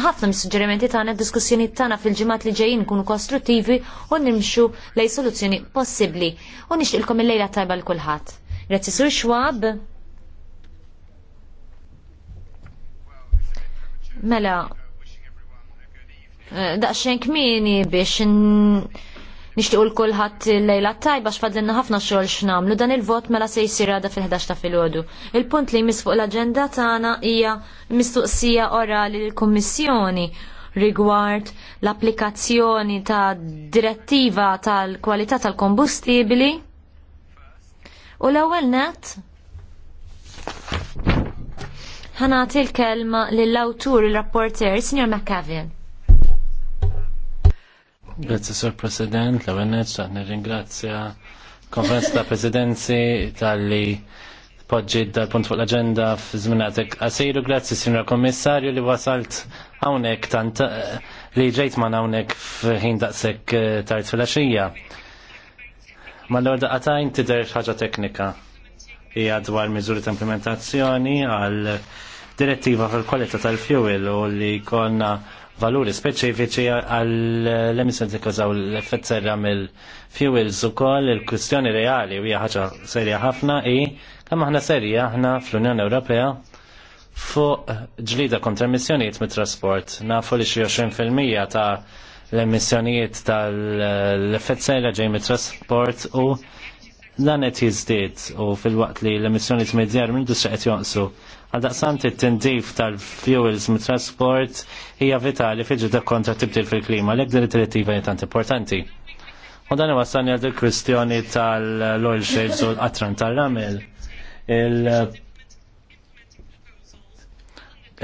ħafna mis-suġġerimenti tagħna diskussjoni tagħna fil-ġimgħat li ġejjin nkunu kostruttivi u nimxu lej soluzzjoni possibbli u nixtilkom il-lejla tajba l kulħadd. Grazzi Sur Schwab. Mela, eh, daqxen kmini biex Nixtiequ l-kulħadd lejla tajba x'fadlinna ħafna xogħol x'namlu dan il-vot mela se jsir għada fil-11 ta' filgħodu. Il-punt li jmiss fuq l-aġenda tagħna hija mistoqsija orali l-Kummissjoni rigward l-applikazzjoni ta' direttiva tal-kwalità tal-kombustibili. U l-ewwel net ħanati l-kelma lill-awtur il-rapporter, Sr. McCavin. Grazie, Sir President, la venerza, nirringrazzja konferenza ta' presidenzi tal-li poġġi dal-punt fuq l-agenda f'żminatek għasiru, grazie, Sinra Kommissarju li wasalt hawnhekk tant eh, li ġejt man hawnhekk f'ħin daqshekk eh, tard fil Ma mal orda għatajn tidher ħaġa teknika hija dwar miżuri ta' implementazzjoni għal direttiva fil-kwalità tal-fuel u li konna valuri speċifiċi għall-emissjoni tikkażaw l-effett serra mill-fuels ukoll il-kwistjoni reali u hija serja ħafna i kemm aħna serja aħna fl-Unjoni Ewropea fuq ġlida kontra emissjonijiet mit trasport nafu li xi 20% ta' l-emissjonijiet tal-effett serra ġej mit trasport u dan qed jiżdied u fil-waqt li l-emissjonijiet medjar minn industrija qed jonqsu Għaldaqsant it-tindif tal-fuels mit trasport hija vitali fiġi kontra tibdil fil-klima, l-ek din it-direttiva tant importanti. U dan wassani il kwistjoni tal-oil shades u l-qatran tal-ramel.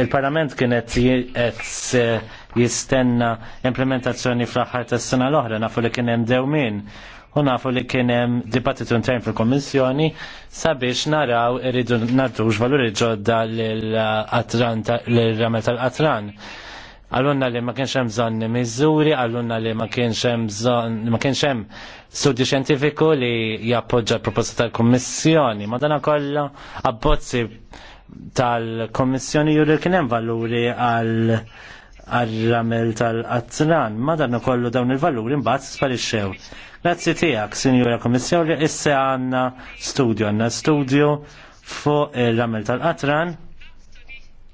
Il-parlament kienet jistenna implementazzjoni fl-aħħar tas-sena l-oħra, nafu li kien hemm dewmin U nafu li kien hemm dibattitu intern fil komissjoni sabiex naraw irridu nagħtux valuri ġodda lill-ramel tal-qatran. Għallunna li ma kienx hemm bżonn miżuri, għallunna li ma kienx hemm bżonn ma kienx hemm studju xjentifiku li jappoġġa l-proposta tal-Kummissjoni. kollha abbozzi tal kummissjoni juri kien hemm valuri għal għarramel tal-azzran, ma danna kollu dawn il-valuri mbagħad sparixxew. Grazzi tiegħek, Sinjura Kommissarju, issa għandna studju, għandna studju fuq il ramel tal-qatran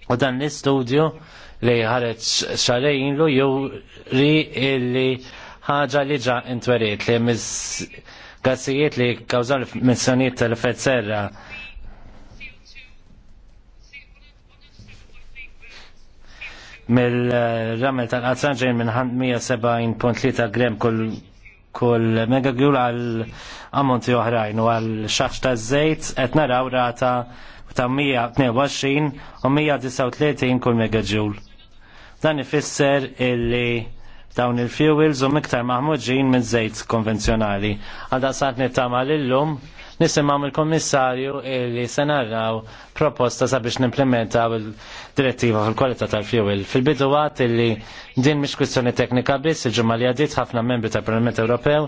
u dan l-istudju li ħareġ xarajn lu juri illi ħaġa li ġa intweriet li mis gassijiet li kawżaw missjoniet tal-effett serra mill-ramel tal-qatran ġejn minn 170.3 gram kull kull megagjul għal ammonti oħrajn u għal xax ta' zejt qed naraw rata ta' 122 u 139 kull megagjul. Dan ifisser illi dawn il-fuels u miktar maħmuġin minn zejt konvenzjonali. Għal daqsant nittama l illum Nisimgħu mill-Kommissarju li se narraw proposta sabiex nimplementaw il-direttiva fil-kwalità tal-fjuwil. Fil-bidu għat li din mhix kwistjoni teknika biss, il-ġumma li għaddiet ħafna membri tal-Parlament Ewropew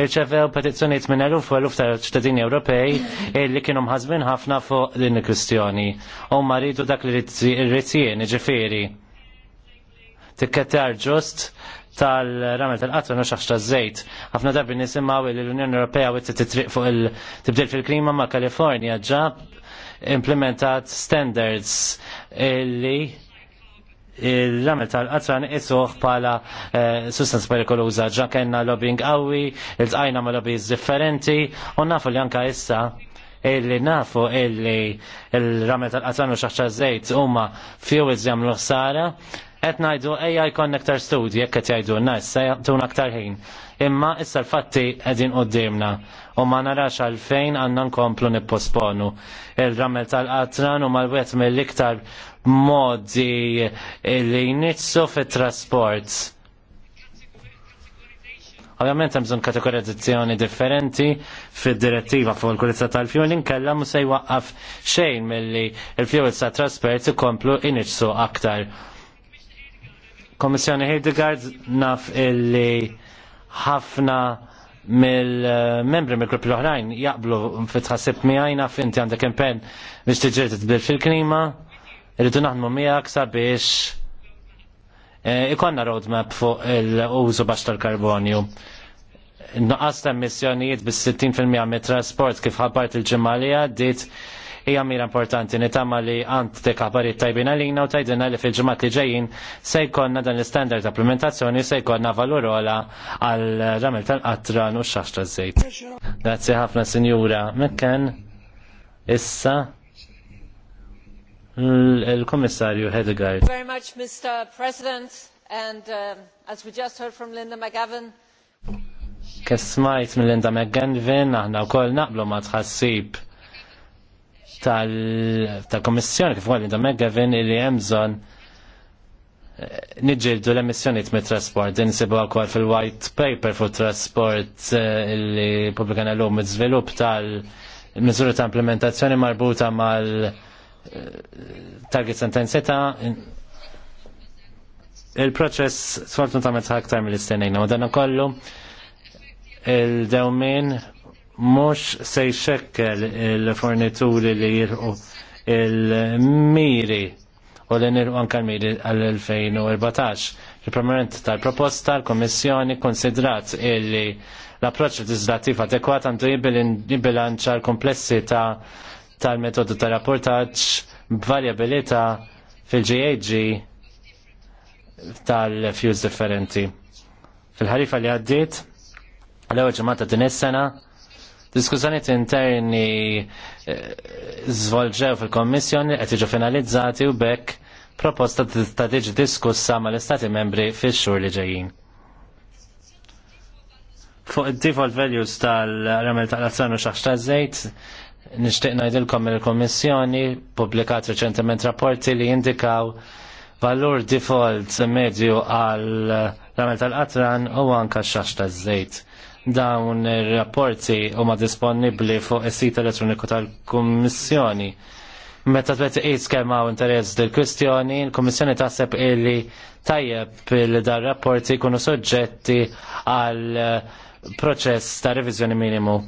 irċevew petizzjoniet minn eluf u eluf tal ċittadini Ewropej li kienu mħazmin ħafna fuq din il-kwistjoni. U maridu dak li rritzien, ġifiri. Tikketar ġust tal-ramel tal-qatru no xaxta zejt. Għafna darbi nisimaw l-Unjoni Ewropea u t-titriq fuq il-tibdil fil-klima ma' Kalifornija ġab implementat standards li il-ramel tal-qatran isuħ pala sustans perikoluza ġa kena lobbying għawi, il-tqajna ma lobbies differenti, u nafu li anka issa illi nafu illi il-ramel tal-qatran u xaxta zejt huma fuels jamlu sara qed ngħidu ejja Connector Studio, studji jekk qed jgħidu n-nies se jagħtun aktar ħin. Imma issa l-fatti qegħdin qudiemna u ma narax għalfejn għandna nkomplu nipposponu. Il-rammel tal-qatran u mal-wet mill-iktar modi li jnitsu fit-trasport. Ovvjament hemm bżonn kategorizzazzjoni differenti fid-direttiva fuq il-kurizza tal-fueling kellha mhux se jwaqqaf xejn milli l fjuwil ta' trasport ikomplu iniġsu aktar Komissjoni Hildegard naf illi ħafna mill-membri mill-gruppi l-oħrajn jaqblu fit-ħasib miħaj naf inti għandek impen biex tiġri titbil fil-klima, irridu naħdmu miegħek sabiex eh, ikonna roadmap fuq il-użu baxx tal-karbonju. Nuqqas ta' emissjonijiet bis-60% mit-trasport kif ħabart il-ġimgħa li għaddiet hija mira importanti nitama li għand tekabarit tajbin għalina u tajdina li fil-ġemat li ġejjin se jkollna dan l-standard ta' implementazzjoni se jkollna valur ola għal ramel tal-qatran u x żejt Grazzi ħafna Sinjura Mekken. Issa il-Komissarju Hedegaard. Very much, Mr. President, and uh, as we just heard from Linda McGavin. Kif minn Linda McGenvin, aħna wkoll naqblu ma tħassib tal-Komissjoni kif għalli da McGavin li jemżon eh, nġildu l-emissjoniet mit trasport Din insibu għakwar fil-white paper fu trasport eh, li publikan l-lum svilup tal-mizuri ta' implementazzjoni marbuta mal eh, target sentenzita il-proċess sfortunatament ħaktar mill-istennejna u dan kollu il-dewmin mhux se jxekkel il-fornituri li jirqu il-miri u li nirqu anke l-miri għal-2014. Il-permanent tal-proposta l-Komissjoni konsidrat illi l-approċċ legislativ adekwat għandu jibilanċa l-komplessità tal-metodu tal-rapportaġġ b'varjabilita fil-GAG tal-fuse differenti. Fil-ħarifa li għaddiet, l-ewwel ġemata din is-sena, Diskussjoni interni eh, zvolġew fil-Kommissjoni qed jiġu finalizzati u bekk proposta ta' tiġi diskussa mal istati membri fix-xhur li ġejjin. Fuq id-default values tal-ramel tal-azzjoni u xaħx ta' żejt, nixtieq ngħidilkom il-Kommissjoni publikat reċentement rapporti li jindikaw valur default medju għal ramel tal-qatran u anka xaħx ta' żejt Dawn ir-rapporti huma disponibbli fuq is-sit elettroniku tal-Kummissjoni. Meta tbet qis kemm interess dil kwistjoni il-Kummissjoni taħseb illi tajjeb il dar rapporti jkunu soġġetti għal proċess ta' revizjoni minimu.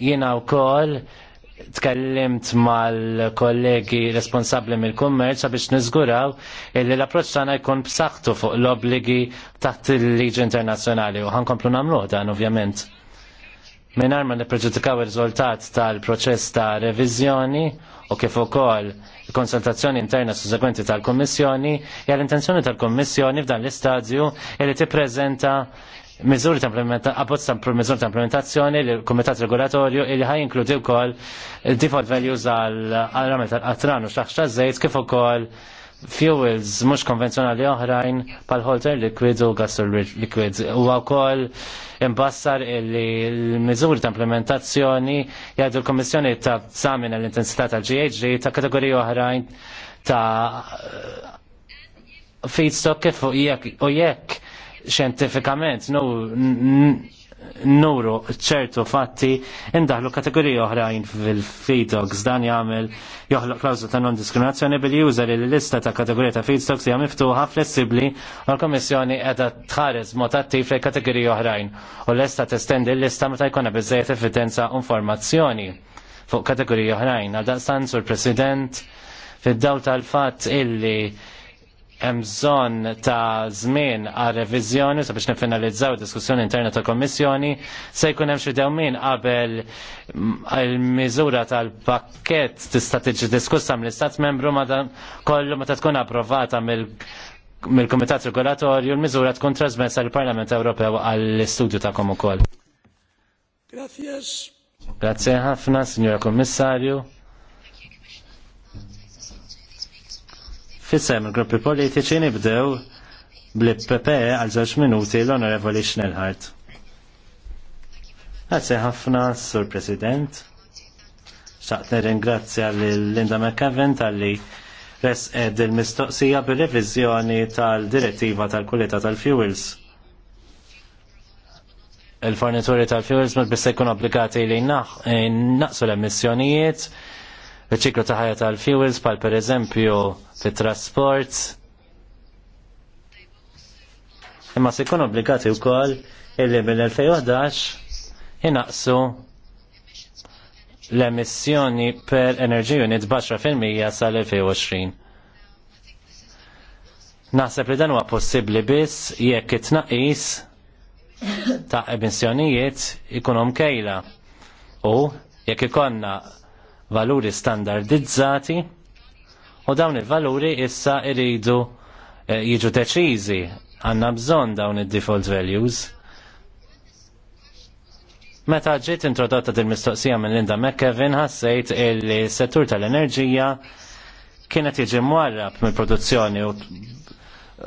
Jiena wkoll tkellimt mal-kollegi responsabli mill-kummerċ biex nizguraw illi l-approċċ tagħna jkun b'saħħtu fuq l-obligi taħt il-liġi internazzjonali u ħankomplu nagħmluh dan ovvjament. Minar ma nippreġudikaw ir-riżultat tal-proċess ta' reviżjoni u kif ukoll konsultazzjoni interna sussegwenti tal kummissjoni hija l-intenzjoni tal kummissjoni f'dan l-istadju illi tippreżenta miżuri ta' implementazzjoni, abbozz ta' miżuri ta' implementazzjoni li kumitat regolatorju li ħaj inkludi wkoll default values għal ramel tal għatran u xaħxa żejt kif ukoll fuels mhux konvenzjonali oħrajn pal holter liquid u gasol liquid u wkoll imbassar li l-miżuri ta' implementazzjoni jgħadu l komissjoni ta' samin l-intensità ta' ghg ta' kategoriji oħrajn ta' feedstock kif u jekk xjentifikament nuru ċertu fatti indaħlu kategoriji oħrajn fil-feeddogs dan jagħmel joħloq klawżu ta' non-diskriminazzjoni billi juża li l-lista ta' kategorija ta' feedstocks hija miftuħa flessibbli u l-Kommissjoni qiegħda tħares mod attiv fil kategoriji oħrajn u lesta testendi l-lista meta jkollna biżejjed evidenza u informazzjoni fuq kategoriji oħrajn. Għal daqstan sur President fid dawta tal-fatt illi hemm bżonn ta' żmien għal reviżjoni sabiex nifinalizzaw diskussjoni interna ta' kommissjoni se jkun hemm xi dewmien qabel il-miżura tal-pakkett tista' tiġi diskussa mill-Istat Membru madan kollu meta tkun approvata mill mill-Kumitat Regolatorju l-miżura tkun trasmessa l parlament Ewropew għall-istudju tagħkom ukoll. Grazie ħafna, Signora Kommissarju. Fissem il-gruppi politiċi nibdew bl-PP għal żewġ minuti l-Onorevoli Schnellhardt. Grazie ħafna, Sur President. Xaqt ringrazzja l-Linda McCavin tal-li res ed il-mistoqsija bil-revizjoni tal-direttiva tal-kulita tal-fuels. Il-fornituri tal-fuels mux bissekun jkun obbligati li eh, naqsu l-emissjonijiet, ċiklu ta' ħajja tal-fuels, pal per eżempju fit trasport Imma se jkun obbligati wkoll illi mill-2011 inaqsu l-emissjoni per enerġiju unit baxra fil-mija sal-2020. Naħseb li dan huwa possibbli biss jekk it-tnaqqis ta' emissjonijiet ikunhom kejla u jekk ikonna valuri standardizzati u dawn il-valuri issa iridu eh, jiġu deċiżi għanna bżon dawn il-default values. Meta ġiet introdotta din mistoqsija minn Linda McKevin ħassejt il-settur tal-enerġija kienet jiġi mwarrab mill-produzzjoni u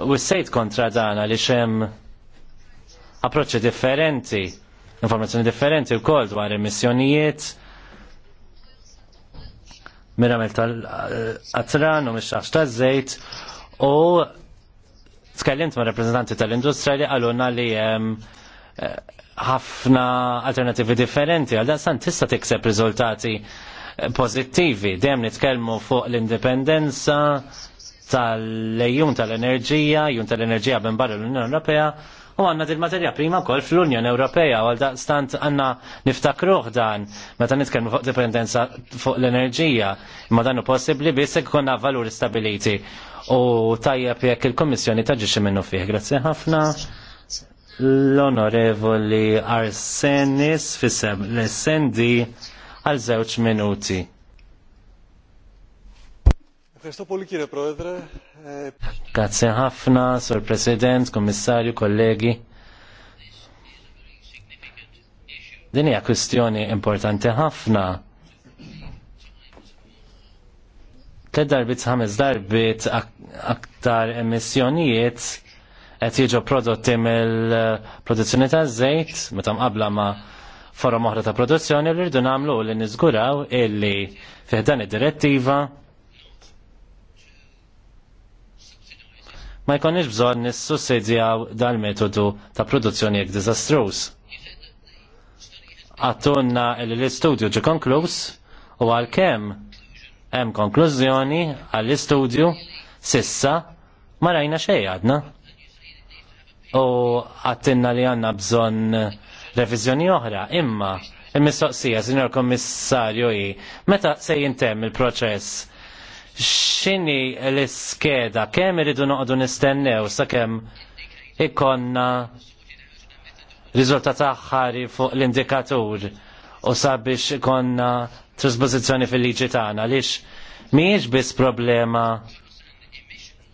u s-sejt kontra dana li xem approċċi differenti, informazzjoni differenti u kol dwar emissjonijiet, miramel tal-qatran u mix ta' żejt u tkellimt ma' rappresentanti tal-industrija li għaluna li ħafna alternativi differenti għal dan tista' tikseb riżultati pożittivi. Dejjem nitkellmu fuq l-indipendenza tal-lejjun tal-enerġija, jun tal-enerġija minn barra l-Unjoni Ewropea U għanna dil-materja prima kol fl-Unjoni Ewropea, għal stant għanna niftakruħ dan, meta nitkellmu fuq dipendenza fuq l-enerġija, ma dan u possibli biss konna valuri stabiliti. U tajjeb jekk il-Kommissjoni taġiġi minnu fih. Grazzi ħafna. L-Onorevoli Arsenis fissem l-SND għal żewġ minuti. Grazie ħafna, Sur President, Kommissarju, kollegi. Din hija kwistjoni importanti ħafna. Tled darbit ħames darbit aktar emissjonijiet qed jiġu prodotti mill-produzzjoni ta' żejt meta mqabla ma' forom oħra ta' produzzjoni li rridu nagħmlu li niżguraw illi fih dan id-direttiva ma jkonniex bżonn nissussidjaw dal-metodu ta' produzzjoni jek diżastruż. Għattunna li l-istudju ġi konkluż u għalkemm hemm konklużjoni għall-istudju sissa ma rajna xejn għadna. U għattinna li għandna bżonn reviżjoni oħra, imma il-mistoqsija, Sinjor Kommissarju, meta se jintemm il-proċess xini l-iskeda, kem irridu noqdu nistennew, sa kem ikonna rizultat aħħari fuq l-indikatur u sabiex ikonna trasposizjoni fil-liġi tagħna għaliex mhijiex biss problema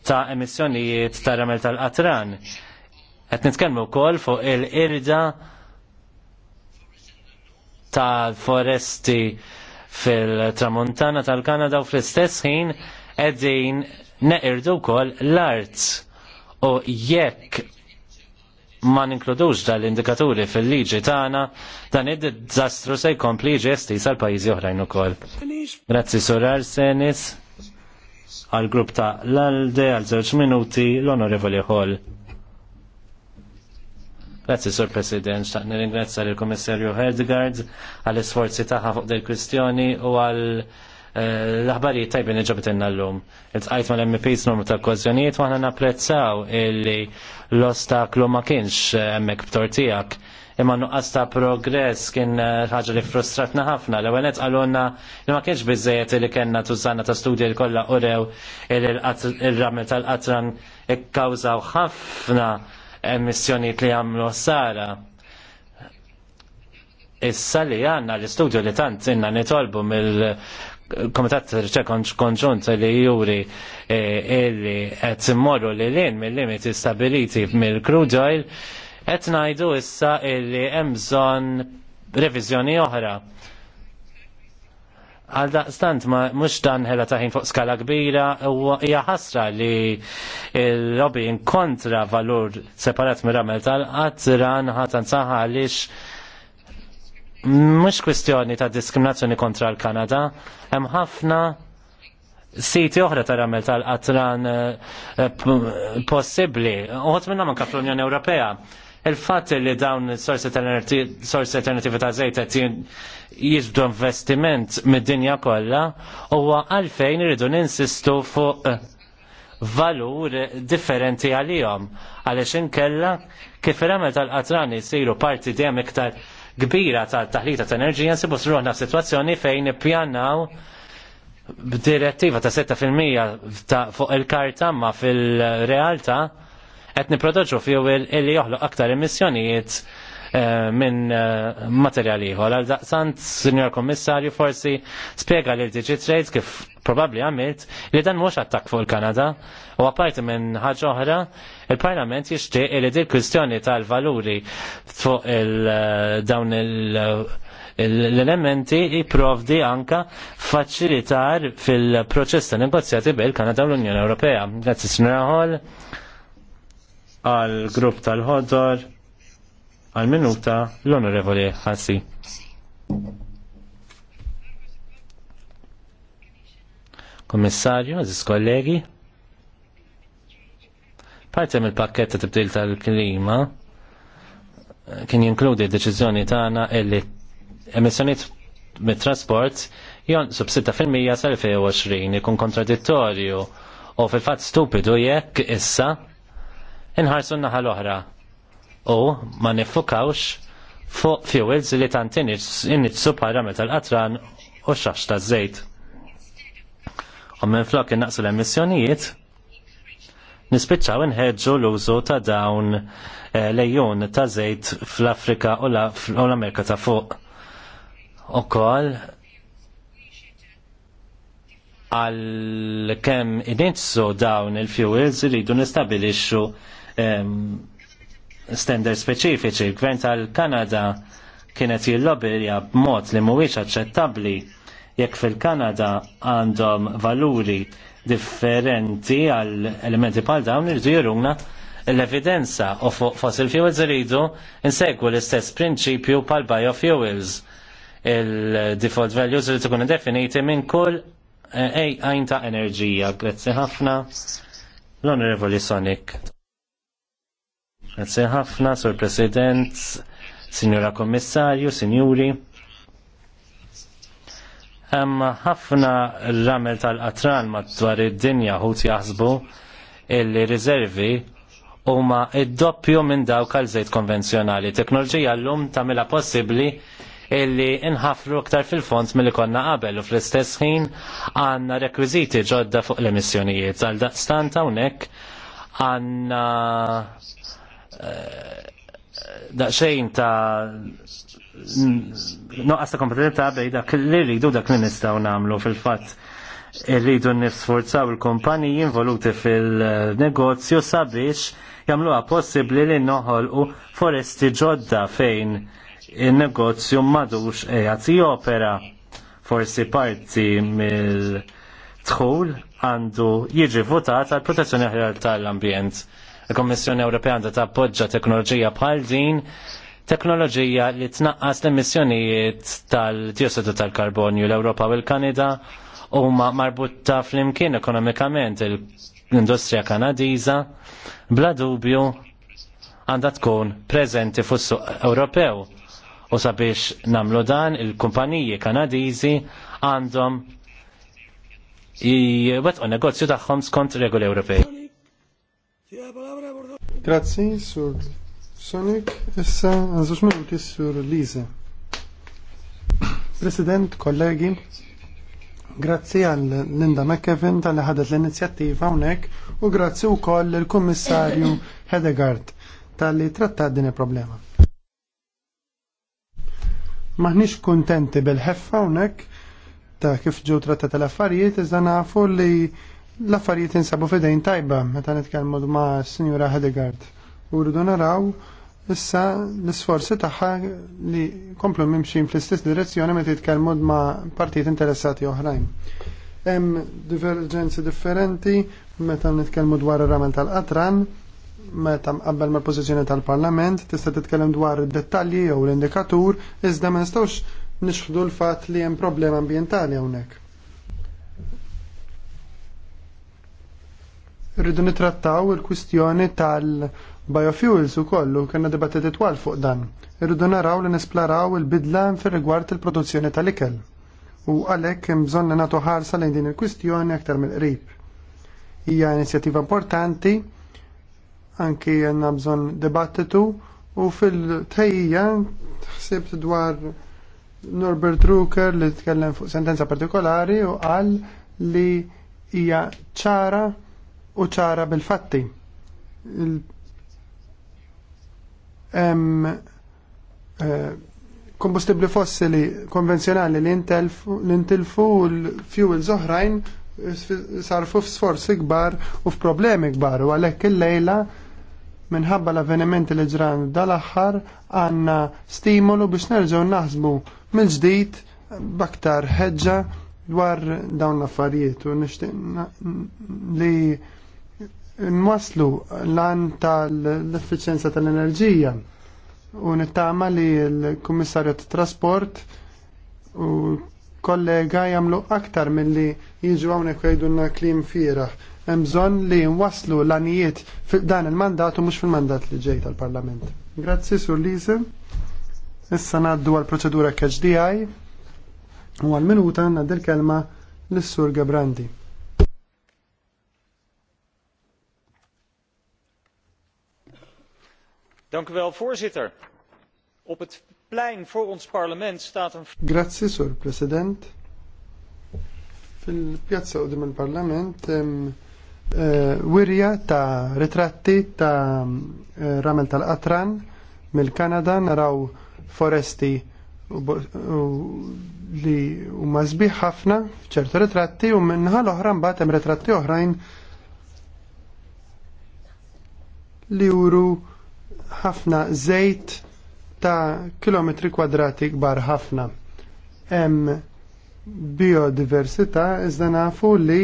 ta' emissjonijiet ta' ramel tal-qatran. Qed nitkellmu wkoll fuq il-irda tal-foresti fil-tramontana tal-Kanada u fl-istess ħin qegħdin neqirdu wkoll l-art u jekk ma ninkludux dal-indikaturi fil-liġi tagħna dan id-dizastru se jkompli jiġi estis għal pajjiżi oħrajn ukoll. Grazzi Sur Arsenis għal grupp ta' l-Alde għal żewġ minuti l-Onorevoli Hall. Grazzi, Sur President, xtaqni ringrazzja l komissarju Herdgard għall isforzi taħħa fuq del kwistjoni u għal eh, l-aħbarijiet tajbi iġabet l-lum. Il-tqajt ma l-MPs numru ta' kważjonijiet aħna napprezzaw illi l-ostaklu ma kienx emmek b'tortijak imma nuqqas ta' progress kien eh, ħaġa li frustratna ħafna. L-ewwel qed qalulna li ma kienx biżejjed li kellna tużanna ta' studji li kollha urew il-ramel tal-qatran ikkawżaw ħafna emissjonijiet li s sara. Issa li għandna l-istudju li tant inna nitolbu mill komitat riċerkonġ konġunt li juri e, illi qed immorru li l-in mill-limiti stabiliti mill-crude oil qed ngħidu issa illi hemm bżonn reviżjoni oħra għal daqstant ma mux dan ħela taħin fuq skala kbira u hija ħasra li l-lobbying kontra valur separat mir-ramel tal-qatt ran ħatan Saħa għaliex mhux kwistjoni ta' diskriminazzjoni kontra l-Kanada, hemm ħafna siti oħra ta' ramel tal-qatran eh, eh, possibbli. Uħot minna man fl-Unjoni Ewropea il fat li dawn sorsi alternativi ta' zejt qed jiġbdu investiment mid-dinja kollha huwa għalfejn irridu ninsistu fuq eh, valur differenti għalihom għaliex inkella kif il-għamel tal-qatrani jsiru parti dejjem iktar kbira tal-taħlita ta' enerġija nsibu sruħna f'sitwazzjoni fejn ippjanaw b'direttiva ta' 6% fuq il-karta ma fil-realtà qed niproduċu fuel illi joħloq aktar emissjonijiet eh, minn eh, materjal ieħor. Għal daqsant, Sinjor Kommissarju, forsi spjega lil Trade kif probabbli għamilt li dan mhux attakk fuq il-Kanada u apparti minn ħaġa oħra, il-Parlament jixtieq li dil kwistjoni tal-valuri fuq il-dawn eh, l-elementi jiprovdi anka faċilitar fil-proċess ta' negozjati bejn kanada u l-Unjoni Ewropea. Grazzi, Sinjor Hall għal grupp tal-ħodor għal minuta l-onorevoli ħassi. Kommissarju, għaziz kollegi, parti mill pakket ta' tibdil tal-klima kien jinkludi deċiżjoni tagħna illi emissjonijiet mit-trasport sub 6% sal-2020 ikun kontradittorju u fil-fatt stupidu jekk issa inħarsu naħa l-oħra u ma nifukawx fuq fuels li tantin initsu paramet tal-qatran u xax ta' zejt. U minn flok innaqsu l-emissjonijiet, nispiċċaw inħedġu l-użu ta' dawn eh, lejjun ta' zejt fl-Afrika u l-Amerika ta' fuq. U kol għal kem initsu dawn il-fuels rridu nistabilixxu standard speċifiċi. Gvern tal-Kanada kienet jillobirja b'mod li mhuwiex aċċettabbli jekk fil-Kanada għandhom valuri differenti għal elementi bħal dawn irridu jiruna, l-evidenza u fossil fuels iridu insegwu l-istess prinċipju pal biofuels il-default values li tkun definiti minn kull ejqajn eh, ta' enerġija. Grazzi ħafna. L-Onorevoli Sonic. Grazie ħafna, Sur President, Signora Kommissarju, Signori. Hemm ħafna ramel tal-qatran madwar id-dinja ħut jaħsbu illi riservi huma id-doppju minn dawk għal żejt konvenzjonali. Teknoloġija llum tagħmilha possibbli illi inħafru aktar fil-fond mill konna qabel u fl-istess ħin għandna rekwiżiti ġodda fuq l-emissjonijiet. Għal daqstant hawnhekk għandna Daqsejn ta' noqqas ta' kompetenza bej dak li rridu dak li nistgħu nagħmlu fil-fatt rridu nisforzaw il-kumpaniji involuti fil-negozju sabiex jagħmluha possibbli li noħolqu foresti ġodda fejn il-negozju madux qiegħed jopera forsi parti mill-dħul għandu jiġi votat għal protezzjoni ħjar tal-ambjent. Il-Kommissjoni Ewropea għandha tappoġġa teknoloġija bħal din, teknoloġija li tnaqqas l-emissjonijiet tal-dioxidu tal-karbonju l-Ewropa u l-Kanada huma marbutta flimkien ekonomikament l-industrija kanadiża bla dubju għandha tkun preżenti fis-suq Ewropew. U sabiex namlu dan, il-kumpaniji kanadiżi għandhom jwet negozju tagħhom skont regoli Ewropej. Grazzi, sur Sonic. Issa, għazux minuti sur Lisa. President, kollegi, grazzi għal Linda McKevin tal ħadet l-inizjattiva unek u grazzi u koll l kommissarju Hedegard tal-li trattat din il-problema. Maħnix kontenti bil-ħeffa unek ta' kif ġew trattat l-affarijiet, iżda nafu li l-affarijiet insabu fidejn tajba meta nitkellmu ma' Sinjura Hedegard. U rridu naraw issa l-isforzi tagħha li komplu mimxin fl-istess direzzjoni meta jitkellmu ma' partijiet interessati oħrajn. Hemm divergenzi differenti meta nitkellmu dwar ir ramel tal-qatran, meta qabel mal-pożizzjoni tal-Parlament, tista' titkellem dwar id-dettalji jew l-indikatur, iżda ma nistgħux nixħdu l-fatt li hemm problema ambjentali hawnhekk rridu nitrattaw il-kwistjoni tal-biofuels u kollu, kena dibattiti twal fuq dan. Rridu naraw li nesplaraw il-bidla fir rigward il-produzzjoni tal-ikel. U għalek bżon li natu ħarsa lejn din il-kwistjoni aktar mill-qrib. Hija inizjattiva importanti, anki għanna bżon dibattitu, u fil-tejja xsebt dwar Norbert Rucker li tkellem fuq sentenza partikolari u qal li hija ċara u ċara bil-fatti. Hemm eh, kombustibli fossili konvenzjonali li intilfu l-fuels oħrajn sarfu sforzi kbar u f'problemi kbar u għalhekk il-lejla minħabba l-avvenimenti li ġran dal-aħħar għandna stimolu biex nerġgħu naħsbu mill-ġdid baktar ħeġġa dwar dawn l-affarijiet u nixtieq li nwaslu l-għan tal-efficienza tal-enerġija u nittama li l-Kummissarju tat-Trasport u kollega jamlu aktar mill-li jiġu kajdu na klim firaħ. Mżon li nwaslu l-anijiet dan il-mandat u mux fil-mandat li ġej tal-Parlament. Grazzi, Sur Lise. Issa naddu għal-proċedura KHDI u għal-minuta naddil kelma l-Sur Gabrandi. voorzitter. Grazie, sur president. Fil-pjazza u il-parlament eh, wirja ta' ritratti ta' eh, ramel tal-qatran mill-Kanada naraw foresti li u sbiħ ħafna f'ċertu ritratti u minnaħa l-oħra mbagħad ritratti oħrajn li juru ħafna żejt ta' kilometri kwadrati kbar ħafna. Hemm biodiversità iżda nafu li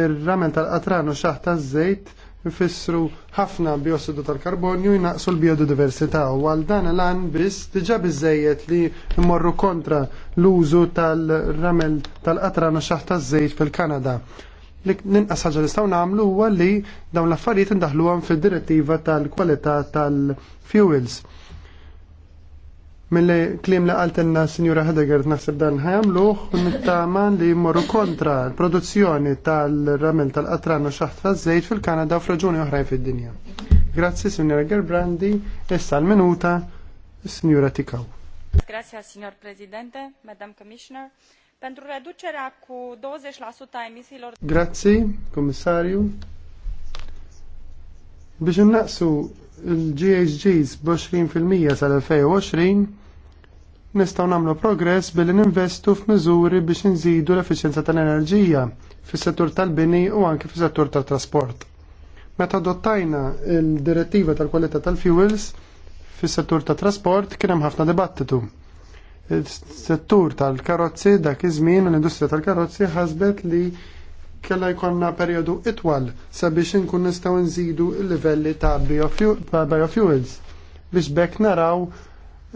r ramel tal-qatranu xaħ taż-żejt jfissru ħafna biossidu tal-karbonju jnaqsu l-biodiversità u għal dan l biss diġa biżżejjed li mmorru kontra l-użu tal-ramel tal-qatranu xaħ taż-żejt fil-Kanada li ninqas ħaġa li staw nagħmlu huwa li dawn l-affarijiet indaħluhom fid-direttiva tal-kwalità tal-fuels. Mill-klim li għaltenna Sinjura Hedegaard naħseb dan ħajamluħ, nittaman li jmorru kontra l-produzzjoni tal-ramel tal-qatran u xaħt taż-żejt fil-Kanada u f'raġuni oħrajn fid-dinja. Grazzi, Sinjura Gerbrandi, issa l-minuta, Sinjura Tikaw. Grazie, Signor Presidente, Madam Commissioner pentru reducerea cu 20% a emisiilor. Grazzi, comisariu. Biex innaqsu il-GHGs b'20% sal-2020, nistgħu nagħmlu progress billi ninvestu f'miżuri biex inżidu l-efficienza tal-enerġija fis-settur tal-bini u anke fis-settur tat-trasport. Meta adottajna il-direttiva tal-kwalità tal-fuels fis-settur tat-trasport kien hemm ħafna dibattitu il-settur tal-karozzi dak iż-żmien l-industrija tal-karozzi ħasbet li kella jkollna perjodu itwal sabiex inkun nistgħu nżidu l-livelli ta' biofuels biex bekk naraw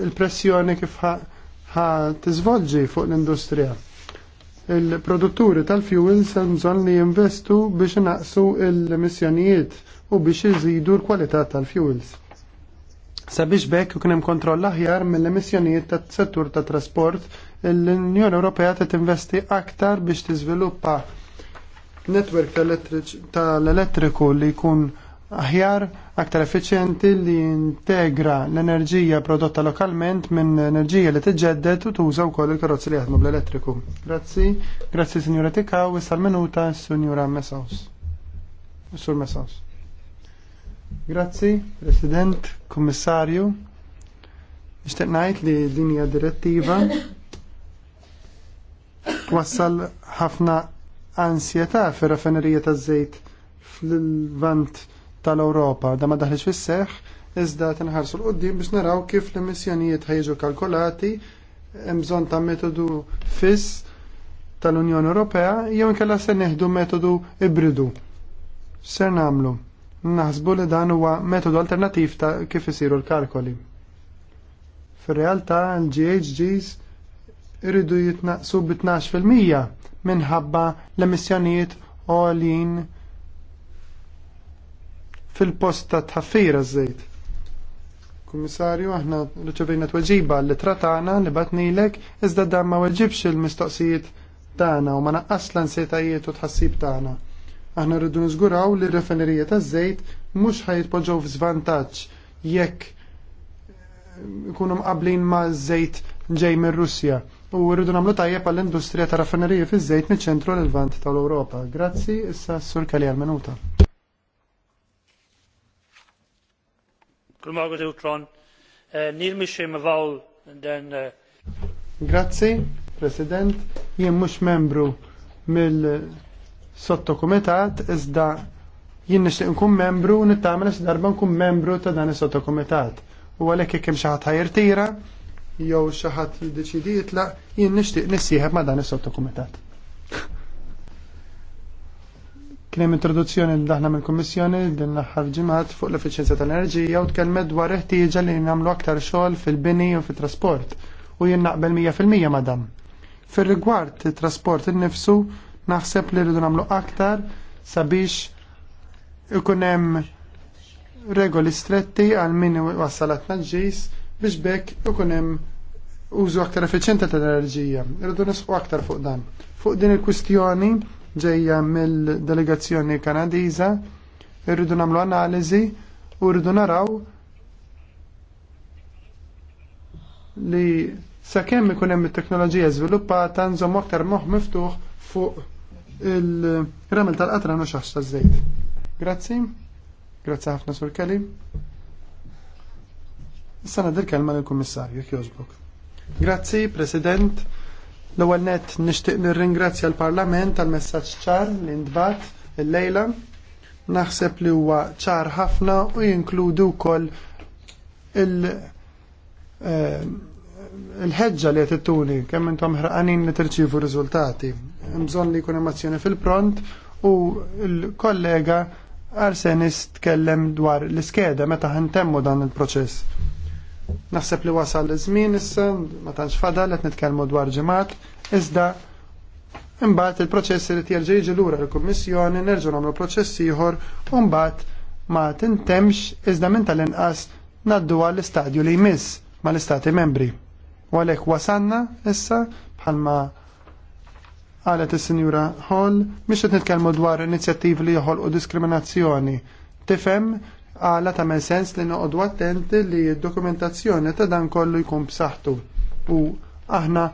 il-pressjoni kif ħa tiżvolġi fuq l-industrija. Il-produtturi tal-fuels hemm bżonn li jinvestu biex naqsu l-emissjonijiet u biex iżidu l-kwalità tal-fuels Sabiex bekk ikun hemm kontroll aħjar mill-emissjonijiet ta' settur tat trasport, l-Unjoni Ewropea ta' tinvesti aktar biex tiżviluppa netwerk tal-elettriku li jkun aħjar, aktar effiċjenti li integra l-enerġija prodotta lokalment minn enerġija li tiġġedded u tuża wkoll il-karozzi li jaħdmu bl-elettriku. Grazzi, grazzi Sinjura Tikaw, issa minuta Sinjura Messaus. Sur Mesaus. Grazzi, President, Kommissarju. Nixtieq ngħid li din hija direttiva twassal ħafna ansjetà fir-raffinerija taż-żejt fil-vant tal-Ewropa. Da ma daħlex fis-seħħ iżda tinħarsu l-qoddim biex naraw kif l-emissjonijiet ħajġu kalkolati hemm bżonn ta' metodu fiss tal-Unjoni Ewropea jew inkella se neħdu metodu ibridu. Ser nagħmlu? naħsbu li dan huwa metodu alternattiv ta' kif isiru l-kalkoli. Fir-realtà l-GHGs iridu jitnaqsu bi 12% minħabba l-emissjonijiet għolin fil-post ta' tħaffira żejt. Kummissarju, aħna riċevejna tweġiba li tratana li batnilek iżda dan ma weġibx il-mistoqsijiet tagħna u ma naqqas l-ansietajiet u tħassib tagħna Aħna rridu nżguraw li r-refinerija taż-żejt mhux ħajitpoġġew f'żvantaġġ jekk ikunu mqablin ma' żejt ġej mir-Russja. U rridu nagħmlu tajjeb għall-industrija ta' raffinerija fiż-żejt miċ-ċentru l-Vant tal-Ewropa. Grazzi, issa s-Sur Kali għal-Minuta. Grazzi, President. Jien mhux membru mill- sottokumitat iżda jien nixtieq nkun membru u nittamel xi darba nkun membru ta' dan is-sottokumitat. U għalhekk jekk hemm xi ħadd ħajrtira jew xi ħadd jiddeċidi jitlaq, jien nixtieq nissieħeb ma' dan is-sottokumitat. Kien hemm introduzzjoni li daħna mill-Kummissjoni din l-aħħar ġimgħat fuq l-effiċjenza tal-enerġija u tkellmet dwar ħtieġa li nagħmlu aktar xogħol fil-bini u fit-trasport u jien naqbel 100% mija madam. Fir-rigward it-trasport innifsu Naħseb li rridu nagħmlu aktar sabiex ikun hemm regoli stretti għal min wassalat naġġis biex bekk ikun hemm użu aktar effiċjenti tal-enerġija. Irridu nisqu aktar fuq dan. Fuq din il-kwistjoni ġejja mill-delegazzjoni Kanadiża, rridu nagħmlu analiżi u rridu naraw li sakemm ikun hemm it-teknoloġija żviluppata nżomm aktar moħħ miftuħ fuq il-ramel tal-qatra no xaħx taż-żejt. Grazzi, grazzi ħafna sur Kelly. Sana nadir kelma lill-Kummissarju, jekk Grazzi, President. L-ewwel nett nixtieq nirringrazzja l-Parlament għal messaġġ ċar li ntbat illejla. Naħseb li huwa ċar ħafna u jinkludu wkoll il eh, l-ħedġa li t kemm intom ħraqanin li tirċivu riżultati. Mżon li jkun emozzjoni fil-pront u l-kollega Arsenis tkellem dwar l-iskeda meta ħantemmu dan il-proċess. Naħseb li wasal l-żmien issa, ma tantx fadal qed nitkellmu dwar ġimgħat, iżda imbagħad il-proċess irid jerġa' jiġi lura l-Kummissjoni, nerġgħu nagħmlu proċess ieħor u mbagħad ma tintemx iżda minn tal-inqas naddu għall-istadju li jmiss mal-istati membri. Walek wasanna issa bħalma qalet is-Sinjura Hall biex qed nitkellmu dwar inizjattivi li joħolqu diskriminazzjoni. Tifhem għala tagħmel sens li noqogħdu attenti li d-dokumentazzjoni ta' dan kollu jkun b'saħħtu. U aħna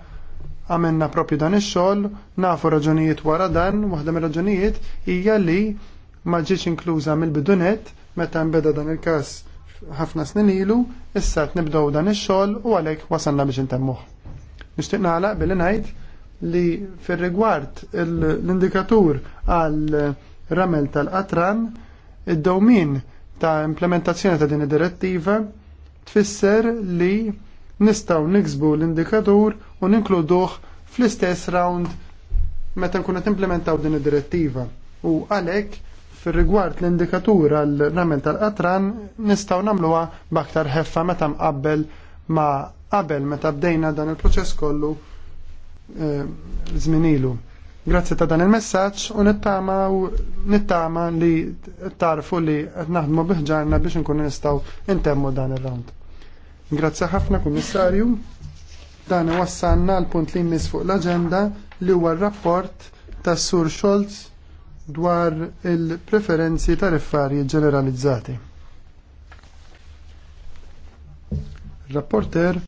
għamilna propju dan ix-xogħol, nafu raġunijiet wara dan, waħda mir-raġunijiet hija li ma ġietx inkluża mill-bidunet meta nbeda dan il-każ ħafna snin ilu, issa nibdow dan ix-xogħol u għalhekk wasanna biex intemmuh. Nixtieq nagħlaq billi ngħid li fir-rigward l-indikatur għal ramel tal-qatran, id-dawmin ta' implementazzjoni ta' din id-direttiva tfisser li nistgħu niksbu l-indikatur u ninkluduh fl-istess round meta nkunu implementaw din id-direttiva. U għalhekk Fir-rigward l-indikatura l ramel tal-qatran nistgħu nagħmluha b'aktar ħeffa meta mqabbel ma qabel meta bdejna dan il-proċess kollu eh, żminilu. Grazzi ta' dan il-messaġġ u nittama li tarfu li qed naħdmu biħġarna biex nkunu nistgħu intemmu dan ir-round. Grazzi ħafna Kummissarju. Dan wassanna l-punt li jmiss fuq l-aġenda li huwa r-rapport tas Sur Scholz dwar il-preferenzi tariffarji ġeneralizzati. Rapporter